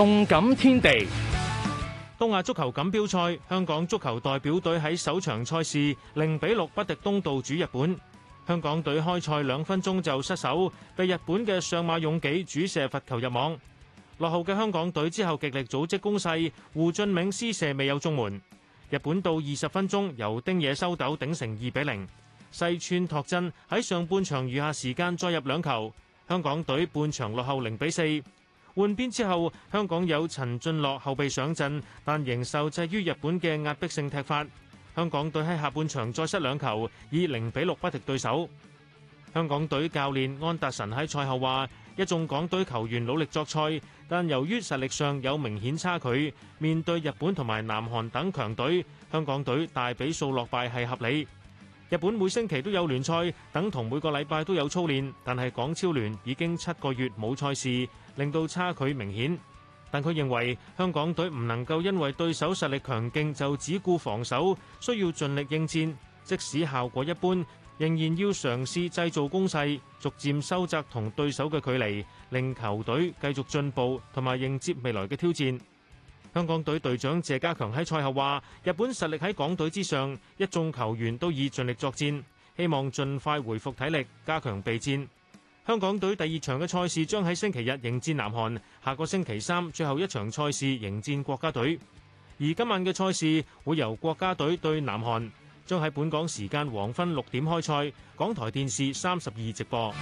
動感天地，東亞足球錦標賽，香港足球代表隊喺首場賽事零比六不敵東道主日本。香港隊開賽兩分鐘就失守，被日本嘅上馬勇紀主射罰球入網。落後嘅香港隊之後極力組織攻勢，胡俊銘施射未有中門。日本到二十分鐘由丁野修斗頂成二比零。西村拓真喺上半場餘下時間再入兩球，香港隊半場落後零比四。4, 換邊之後，香港有陳俊樂後備上陣，但仍受制於日本嘅壓迫性踢法。香港隊喺下半場再失兩球，以零比六不敵對手。香港隊教練安達臣喺賽後話，一眾港隊球員努力作賽，但由於實力上有明顯差距，面對日本同埋南韓等強隊，香港隊大比數落敗係合理。日本每星期都有聯賽，等同每個禮拜都有操練，但係港超聯已經七個月冇賽事，令到差距明顯，但佢認為香港隊唔能夠因為對手實力強勁就只顧防守，需要盡力應戰，即使效果一般，仍然要嘗試製造攻勢，逐漸收窄同對手嘅距離，令球隊繼續進步同埋迎接未來嘅挑戰。香港隊隊長謝家強喺賽後話：日本實力喺港隊之上，一眾球員都已盡力作戰，希望盡快回復體力，加強備戰。香港隊第二場嘅賽事將喺星期日迎戰南韓，下個星期三最後一場賽事迎戰國家隊。而今晚嘅賽事會由國家隊對南韓，將喺本港時間黃昏六點開賽，港台電視三十二直播。